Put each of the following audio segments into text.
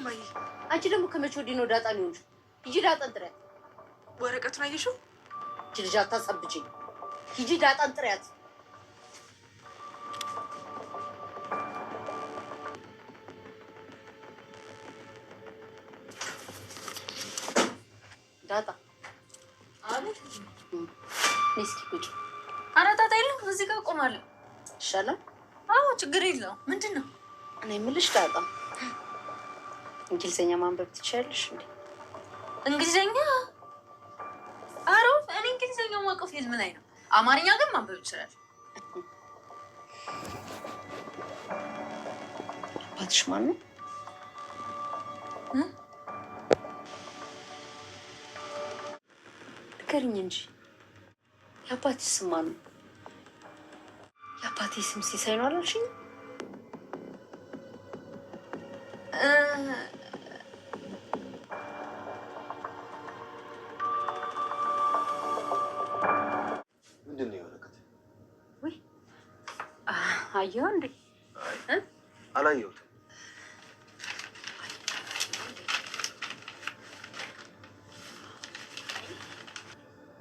እማዬ። አንቺ ደግሞ ከመቼ ወዲህ ነው ዳጣ ነው እንጂ ሂጂ ዳጣን ጥሪያት። ወረቀቱን አየሽው? እቺ ልጅ አታጸብጭኝ። ሂጂ ዳጣን ጥሪያት። ዳጣ ቁጭ። ዳጣ የለም እዚህ ጋር እቆማለሁ። ይሻላል። አዎ ችግር የለውም። ምንድን ነው እኔ የምልሽ ዳጣ እንግሊዘኛ ማንበብ ትችላለሽ እንዴ? እንግሊዘኛ አሮ እኔ እንግሊዘኛ ማቀፍ ልጅ ምን አይነው? አማርኛ ግን ማንበብ ይችላል። አባትሽ ማን ነው? ንገሪኝ እንጂ የአባትሽ ስም ማን ነው? የአባቴ ስም ሲሳይ ነው አላልሽኝ? አየው እንዴ? አላየሁትም።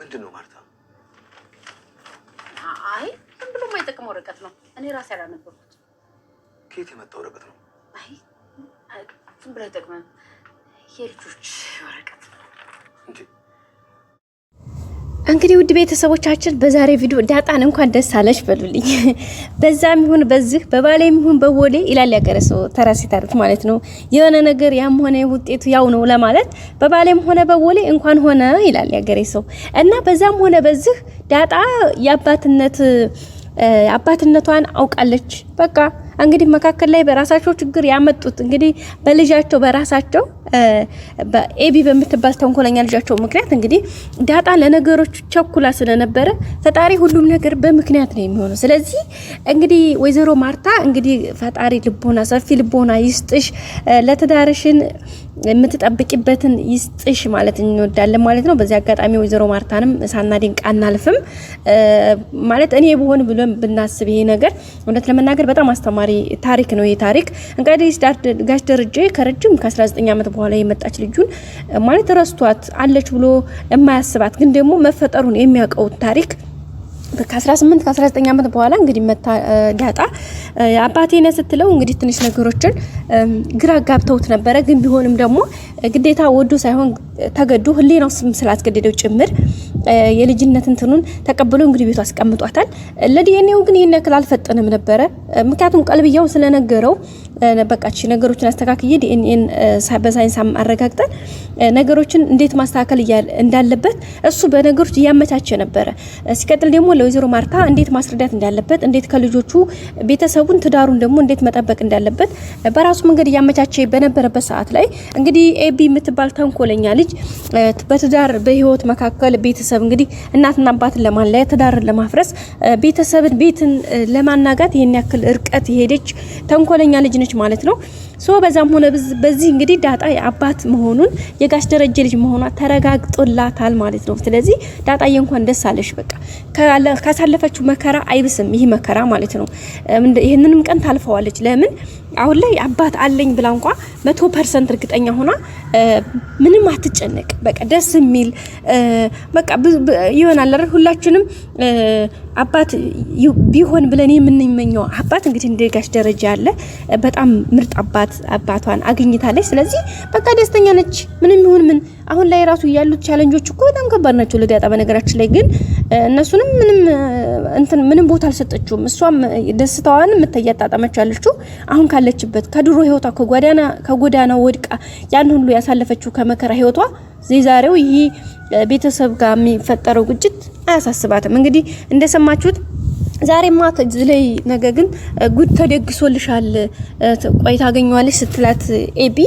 ምንድን ነው ማርታ? አይ ዝም ብሎ የማይጠቅም ወረቀት ነው። እኔ ራሴ ያላነበርኩት። ከየት የመጣ ወረቀት ነው? አይ ዝም ብሎ አይጠቅምም። የልጆች ወረቀት እንዴ እንግዲህ ውድ ቤተሰቦቻችን በዛሬ ቪዲዮ ዳጣን እንኳን ደስ አለሽ በሉልኝ። በዛም ይሁን በዚህ በባሌ ይሁን በቦሌ ይላል ያገረ ሰው ተራሴ ታሪክ ማለት ነው። የሆነ ነገር ያም ሆነ ውጤቱ ያው ነው ለማለት በባሌም ሆነ በቦሌ እንኳን ሆነ ይላል ያገሬ ሰው እና በዛም ሆነ በዚህ ዳጣ የአባትነት አባትነቷን አውቃለች በቃ እንግዲህ መካከል ላይ በራሳቸው ችግር ያመጡት እንግዲህ በልጃቸው በራሳቸው በኤቢ በምትባል ተንኮለኛ ልጃቸው ምክንያት እንግዲህ ዳጣ ለነገሮች ቸኩላ ስለነበረ ፈጣሪ ሁሉም ነገር በምክንያት ነው የሚሆነው። ስለዚህ እንግዲህ ወይዘሮ ማርታ እንግዲህ ፈጣሪ ልቦና ሰፊ ልቦና ይስጥሽ፣ ለትዳርሽን የምትጠብቂበትን ይስጥሽ ማለት እንወዳለን ማለት ነው። በዚህ አጋጣሚ ወይዘሮ ማርታንም ሳናደንቅ አናልፍም ማለት እኔ ብሆን ብሎ ብናስብ ይሄ ነገር እውነት ለመናገር በጣም አስተማሪ አስተማሪ ታሪክ ነው። ይህ ታሪክ እንግዲህ ጋሽ ደረጀ ከረጅም ከ19 ዓመት በኋላ የመጣች ልጁን ማለት ረስቷት አለች ብሎ የማያስባት ግን ደግሞ መፈጠሩን የሚያውቀውን ታሪክ ከ18 ከ19 ዓመት በኋላ እንግዲህ መታ ዳጣ አባቴነ ስትለው እንግዲህ ትንሽ ነገሮችን ግራ ጋብተውት ነበረ። ግን ቢሆንም ደግሞ ግዴታ ወዶ ሳይሆን ተገዶ ህሊናው ስላስገደደው ጭምር የልጅነት እንትኑን ተቀብሎ እንግዲህ ቤቱ አስቀምጧታል። ለዲኤንኤው ግን ይህን ያክል አልፈጠንም ነበረ። ምክንያቱም ቀልብያው ስለነገረው በቃች ነገሮችን አስተካክዬ ዲኤንኤን በሳይንስ አረጋግጠን ነገሮችን እንዴት ማስተካከል እንዳለበት እሱ በነገሮች እያመቻቸ ነበረ። ሲቀጥል ደግሞ ለወይዘሮ ማርታ እንዴት ማስረዳት እንዳለበት፣ እንዴት ከልጆቹ ቤተሰቡን፣ ትዳሩን ደግሞ እንዴት መጠበቅ እንዳለበት በራሱ መንገድ እያመቻቸ በነበረበት ሰዓት ላይ እንግዲህ ኤቢ የምትባል ተንኮለኛ ልጅ በትዳር በህይወት መካከል ቤተሰብ እንግዲህ እናትና አባትን ለማለያ ትዳርን ለማፍረስ ቤተሰብን ቤትን ለማናጋት ይህን ያክል እርቀት የሄደች ተንኮለኛ ልጅ ማለት ነው ሶ በዛም ሆነ በዚህ እንግዲህ ዳጣ የአባት መሆኑን የጋሽ ደረጀ ልጅ መሆኗ ተረጋግጦላታል ማለት ነው። ስለዚህ ዳጣዬ እንኳን ደስ አለሽ። በቃ ካሳለፈችው መከራ አይብስም ይህ መከራ ማለት ነው። ይህንንም ቀን ታልፈዋለች። ለምን አሁን ላይ አባት አለኝ ብላ እንኳ መቶ ፐርሰንት እርግጠኛ ሆና ምንም አትጨነቅ። በቃ ደስ የሚል በቃ ይሆናል አይደል? ሁላችንም አባት ቢሆን ብለን የምንመኘው አባት እንግዲህ እንደ ጋሽ ደረጀ ያለ በጣም ምርጥ አባት አባቷን አግኝታለች። ስለዚህ በቃ ደስተኛ ነች። ምንም ይሁን ምን አሁን ላይ ራሱ ያሉት ቻለንጆች እኮ በጣም ከባድ ናቸው ለዳጣ። በነገራችን ላይ ግን እነሱንም ምንም እንትን ምንም ቦታ አልሰጠችውም። እሷም ደስታዋን የምታያጣጣመች ያለችው አሁን ካለችበት ከድሮ ህይወቷ ከጎዳና ከጎዳና ወድቃ ያን ሁሉ ያሳለፈችው ከመከራ ህይወቷ ዛሬው ይህ ቤተሰብ ጋር የሚፈጠረው ግጭት አያሳስባትም። እንግዲህ እንደሰማችሁት ዛሬማ ዝለይ ነገ ግን ጉድ ተደግሶልሻል፣ ቆይ ታገኘዋለሽ ስትላት ኤቢ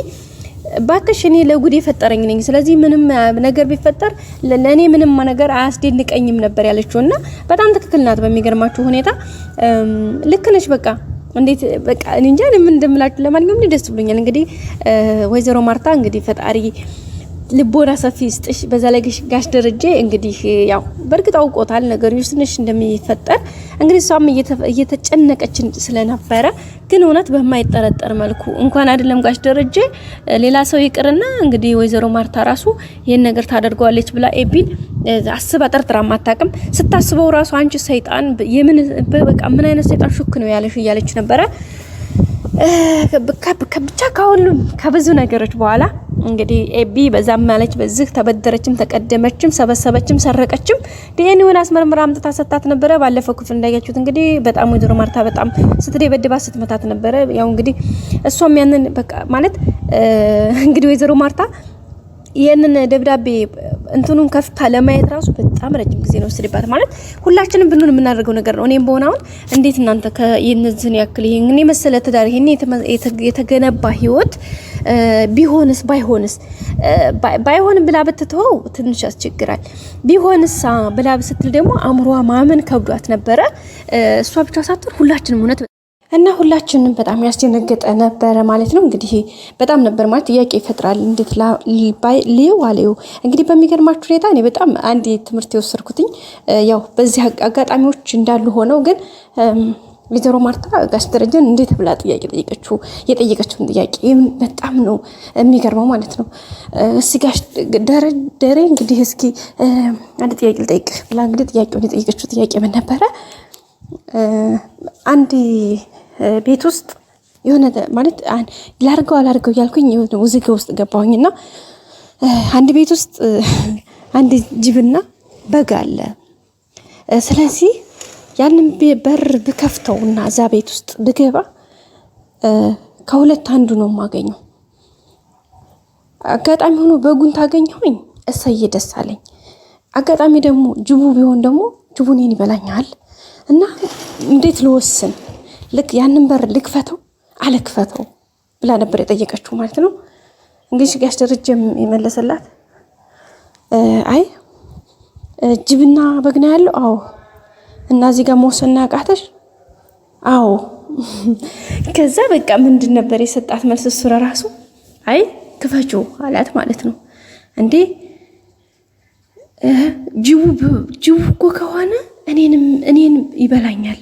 ባክሽ እኔ ለጉድ የፈጠረኝ ነኝ። ስለዚህ ምንም ነገር ቢፈጠር ለእኔ ምንም ነገር አያስደንቀኝም ነበር ያለችው እና በጣም ትክክል ናት። በሚገርማችሁ ሁኔታ ልክ ነች። በቃ እንዴት በቃ እንጃ ምን እንደምላችሁ። ለማንኛውም ደስ ብሎኛል። እንግዲህ ወይዘሮ ማርታ እንግዲህ ፈጣሪ ልቦና ሰፊ ስጥሽ። በዛ ላይ ጋሽ ደረጀ እንግዲህ ያው በእርግጥ አውቆታል ነገሩ ትንሽ እንደሚፈጠር እንግዲህ እሷም እየተጨነቀች ስለነበረ ግን እውነት በማይጠረጠር መልኩ እንኳን አይደለም ጋሽ ደረጀ ሌላ ሰው ይቅርና እንግዲህ ወይዘሮ ማርታ ራሱ ይህን ነገር ታደርገዋለች ብላ ኤቢን አስባ ጠርጥራ ማታቅም ስታስበው ራሱ አንቺ ሰይጣን የምን በቃ ምን አይነት ሰይጣን ሹክ ነው ያለሽ እያለች ነበረ። ብቻ ከሁሉም ከብዙ ነገሮች በኋላ እንግዲህ ኤቢ በዛም ማለች በዚህ ተበደረችም፣ ተቀደመችም፣ ሰበሰበችም፣ ሰረቀችም ዲኤንኤውን አስመርምራ አምጥታ ሰጣት ነበረ። ባለፈው ክፍል እንዳያችሁት እንግዲህ በጣም ወይዘሮ ማርታ በጣም ስትደበድባት ስትመታት ነበረ። ያው እንግዲህ እሷም ያንን በቃ ማለት እንግዲህ ወይዘሮ ማርታ ይህንን ደብዳቤ እንትኑን ከፍታ ለማየት ራሱ በጣም ረጅም ጊዜ ነው ወስድባት። ማለት ሁላችንም ብንሆን የምናደርገው ነገር ነው። እኔም በሆነ አሁን እንዴት እናንተ ከየነዝን ያክል እኔ መሰለ ትዳር ይህን የተገነባ ህይወት ቢሆንስ ባይሆንስ ባይሆንም ብላ ብትተወው ትንሽ ያስቸግራል። ቢሆንሳ ብላ ስትል ደግሞ አእምሯ ማመን ከብዷት ነበረ። እሷ ብቻ ሳትሆን ሁላችንም እውነት እና ሁላችንም በጣም ያስደነገጠ ነበረ ማለት ነው። እንግዲህ በጣም ነበር ማለት ጥያቄ ይፈጥራል። እንዴት ልዩ አልዩ እንግዲህ በሚገርማችሁ ሁኔታ እኔ በጣም አንድ ትምህርት የወሰድኩትኝ ያው በዚህ አጋጣሚዎች እንዳሉ ሆነው ግን ወይዘሮ ማርታ ጋሽ ደረጀን እንዴት ብላ ጥያቄ ጠየቀችው። የጠየቀችውን ጥያቄ በጣም ነው የሚገርመው ማለት ነው። እስኪ ጋሽ ደሬ እንግዲህ እስኪ አንድ ጥያቄ ልጠይቅ ብላ እንግዲህ ጥያቄውን የጠየቀችው ጥያቄ ምን ነበረ? አንድ ቤት ውስጥ የሆነ ማለት ላርገው አላርገው እያልኩኝ የሆነ ውዝግብ ውስጥ ገባሁኝና አንድ ቤት ውስጥ አንድ ጅብና በግ አለ። ስለዚህ ያንን በር ብከፍተው እና እዛ ቤት ውስጥ ብገባ ከሁለት አንዱ ነው የማገኘው። አጋጣሚ ሆኖ በጉን ታገኘሁኝ፣ እሰይ ደስ አለኝ። አጋጣሚ ደግሞ ጅቡ ቢሆን ደግሞ ጅቡን ይበላኛል። እና እንዴት ልወስን ልክ ያንን በር ልክፈተው አለክፈተው ብላ ነበር የጠየቀችው ማለት ነው። እንግዲህ ጋሽ ደረጀም የመለሰላት አይ ጅብና በግና ያለው አዎ፣ እና እዚህ ጋር መወሰንና ያቃተሽ አዎ። ከዛ በቃ ምንድን ነበር የሰጣት መልስ እሱ ለራሱ አይ ክፈቹ አላት ማለት ነው። እንዴ ጅቡ ጅቡ እኮ ከሆነ እኔንም እኔን ይበላኛል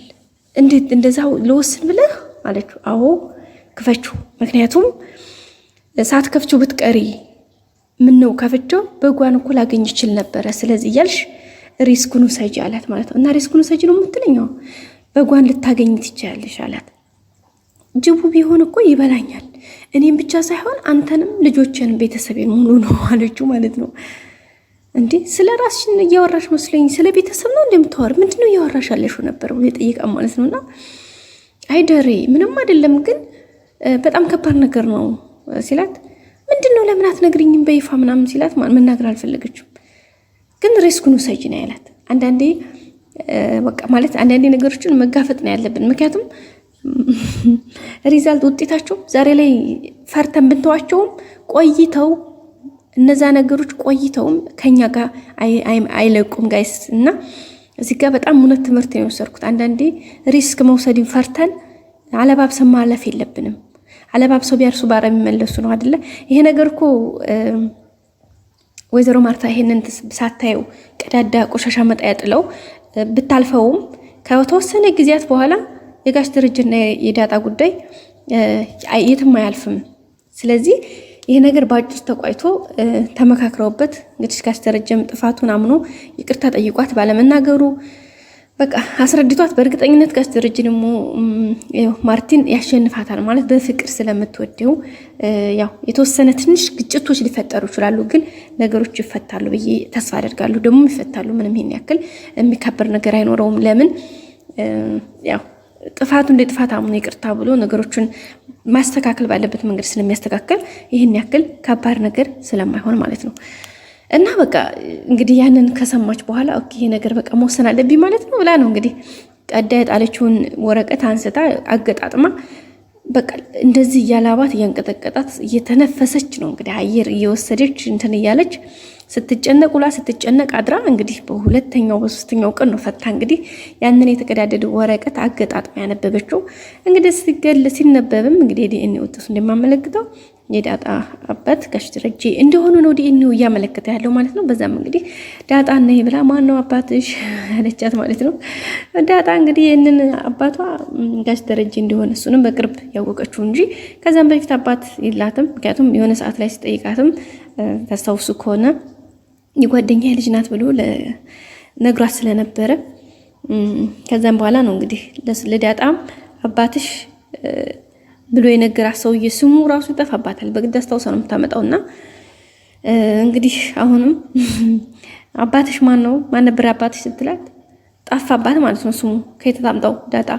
እንዴት እንደዛው ልወስን ብለህ አለችው። አዎ ክፈችው፣ ምክንያቱም ሰዓት ከፍችው ብትቀሪ ምን ነው ከፍቼው በጓን እኮ ላገኝ ይችል ነበረ። ስለዚህ እያልሽ ሪስኩን ውሰጂ አላት ማለት ነው። እና ሪስኩን ውሰጂ ነው የምትለኛው በጓን ልታገኝ ትችያለሽ አላት። ጅቡ ቢሆን እኮ ይበላኛል፣ እኔም ብቻ ሳይሆን አንተንም፣ ልጆችን፣ ቤተሰቤን ሙሉ ነው አለችው ማለት ነው። እንዴ ስለ ራስሽን እያወራሽ መስሎኝ ስለ ቤተሰብ ነው እንደምታወር ምንድን ነው እያወራሽ ያለሽው ነበር ብሎ የጠየቃት ማለት ነው። እና አይደሬ ምንም አይደለም ግን በጣም ከባድ ነገር ነው ሲላት፣ ምንድን ነው ለምን አትነግሪኝም በይፋ ምናምን ሲላት መናገር አልፈለገችም። ግን ሪስኩን ውሰጂ ነው ያላት። አንዳንዴ በቃ ማለት አንዳንዴ ነገሮችን መጋፈጥ ነው ያለብን። ምክንያቱም ሪዛልት ውጤታቸው ዛሬ ላይ ፈርተን ብንተዋቸውም ቆይተው እነዛ ነገሮች ቆይተውም ከኛ ጋር አይለቁም ጋይስ። እና እዚህ ጋር በጣም እውነት ትምህርት ነው የወሰድኩት። አንዳንዴ ሪስክ መውሰድን ፈርተን አለባብሰን ማለፍ የለብንም። አለባብሰው ቢያርሱ ባረ የሚመለሱ ነው አደለ? ይሄ ነገር እኮ ወይዘሮ ማርታ ይሄንን ሳታየው ቀዳዳ ቆሻሻ መጣያ ጥለው ብታልፈውም ከተወሰነ ጊዜያት በኋላ የጋሽ ደረጀና የዳጣ ጉዳይ የትም አያልፍም። ስለዚህ ይሄ ነገር በአጭር ተቋይቶ ተመካክረውበት እንግዲህ ካስደረጀም ጥፋቱን አምኖ ይቅርታ ጠይቋት ባለመናገሩ በቃ አስረድቷት። በእርግጠኝነት ካስደረጀ ደግሞ ማርቲን ያሸንፋታል ማለት በፍቅር ስለምትወደው ያው የተወሰነ ትንሽ ግጭቶች ሊፈጠሩ ይችላሉ፣ ግን ነገሮች ይፈታሉ ብዬ ተስፋ አደርጋለሁ። ደግሞ ይፈታሉ። ምንም ይሄን ያክል የሚከበር ነገር አይኖረውም። ለምን ያው ጥፋቱ እንደ ጥፋት አምኖ ይቅርታ ብሎ ነገሮችን ማስተካከል ባለበት መንገድ ስለሚያስተካከል ይህን ያክል ከባድ ነገር ስለማይሆን ማለት ነው። እና በቃ እንግዲህ ያንን ከሰማች በኋላ ይሄ ነገር በቃ መወሰን አለብኝ ማለት ነው ብላ ነው እንግዲህ ቀዳ የጣለችውን ወረቀት አንስታ አገጣጥማ በቃ እንደዚህ እያላባት እያንቀጠቀጣት እየተነፈሰች ነው እንግዲህ አየር እየወሰደች እንትን እያለች ስትጨነቅ ውላ ስትጨነቅ አድራ እንግዲህ በሁለተኛው በሶስተኛው ቀን ነው ፈታ እንግዲህ ያንን የተቀዳደደ ወረቀት አገጣጥማ ያነበበችው። እንግዲህ ሲገል ሲነበብም እንግዲህ የዲኤንኤ ውጤቱ እንደማመለክተው የዳጣ አባት ጋሽ ደረጀ እንደሆኑ ነው ዲኤንኤው እያመለከተ ያለው ማለት ነው። በዛም እንግዲህ ዳጣ ነ ብላ ማነው አባትሽ ያለቻት ማለት ነው። ዳጣ እንግዲህ ይህንን አባቷ ጋሽ ደረጀ እንደሆነ እሱንም በቅርብ ያወቀችው እንጂ ከዛም በፊት አባት የላትም። ምክንያቱም የሆነ ሰዓት ላይ ሲጠይቃትም ተስታውሱ ከሆነ የጓደኛ ልጅ ናት ብሎ ነግሯት ስለነበረ ከዛም በኋላ ነው እንግዲህ ለዳጣም አባትሽ ብሎ የነገራት ሰውዬ ስሙ ራሱ ይጠፋባታል። በግድ አስታውሰ ነው የምታመጣው። እና እንግዲህ አሁንም አባትሽ ማን ነው? ማን ነበር አባትሽ ስትላት ጠፋባት ማለት ነው ስሙ። ከየት ታምጣው ዳጣ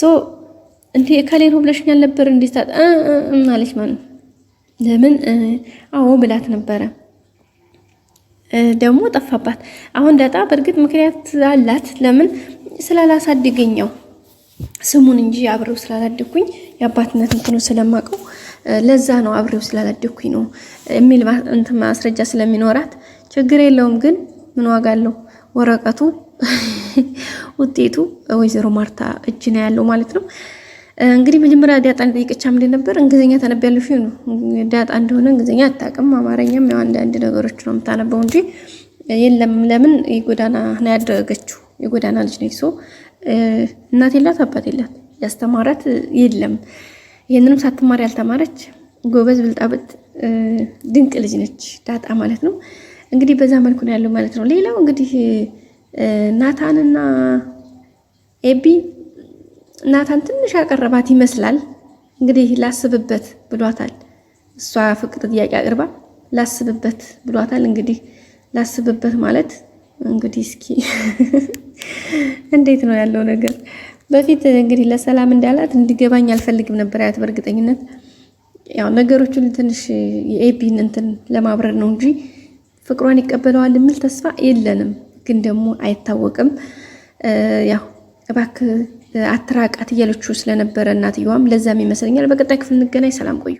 ሶ እንዴ እከሌ ነው ብለሽኛል ነበር እንዴ ስታት አለች ማለት ለምን አዎ ብላት ነበረ ደግሞ ጠፋባት። አሁን ዳጣ በእርግጥ ምክንያት አላት። ለምን ስላላሳድገኛው ስሙን እንጂ አብሬው ስላላደግኩኝ የአባትነት እንትኑ ስለማቀው ለዛ ነው አብሬው ስላላደግኩኝ ነው የሚል እንትን ማስረጃ ስለሚኖራት ችግር የለውም። ግን ምን ዋጋ አለው ወረቀቱ ውጤቱ ወይዘሮ ማርታ እጅ ነው ያለው ማለት ነው። እንግዲህ መጀመሪያ ዳጣ ጠይቅቻ ምንድን ነበር እንግሊዝኛ ታነቢያለሽ ነው? ዳጣ እንደሆነ እንግሊዝኛ አታውቅም፣ አማርኛም ያው አንዳንድ ነገሮች ነው የምታነበው እንጂ የለም። ለምን የጎዳና ነው ያደረገችው፣ የጎዳና ልጅ ነች። ሰው እናት የላት አባት የላት፣ ያስተማራት የለም። ይህንንም ሳትማር ያልተማረች ጎበዝ፣ ብልጣብጥ፣ ድንቅ ልጅ ነች ዳጣ ማለት ነው። እንግዲህ በዛ መልኩ ነው ያለው ማለት ነው። ሌላው እንግዲህ ናታንና ኤቢ ናታን ትንሽ ያቀረባት ይመስላል። እንግዲህ ላስብበት ብሏታል። እሷ ፍቅር ጥያቄ አቅርባ ላስብበት ብሏታል። እንግዲህ ላስብበት ማለት እንግዲህ እስኪ እንዴት ነው ያለው ነገር? በፊት እንግዲህ ለሰላም እንዳላት እንዲገባኝ አልፈልግም ነበር ያት በእርግጠኝነት ያው ነገሮቹን ትንሽ የኤቢን እንትን ለማብረር ነው እንጂ ፍቅሯን ይቀበለዋል የሚል ተስፋ የለንም። ግን ደግሞ አይታወቅም ያው እባክህ አትራቃት እያለችው ስለነበረ እናትየዋም ለዛም ይመስለኛል። በቀጣይ ክፍል እንገናኝ። ሰላም ቆዩ።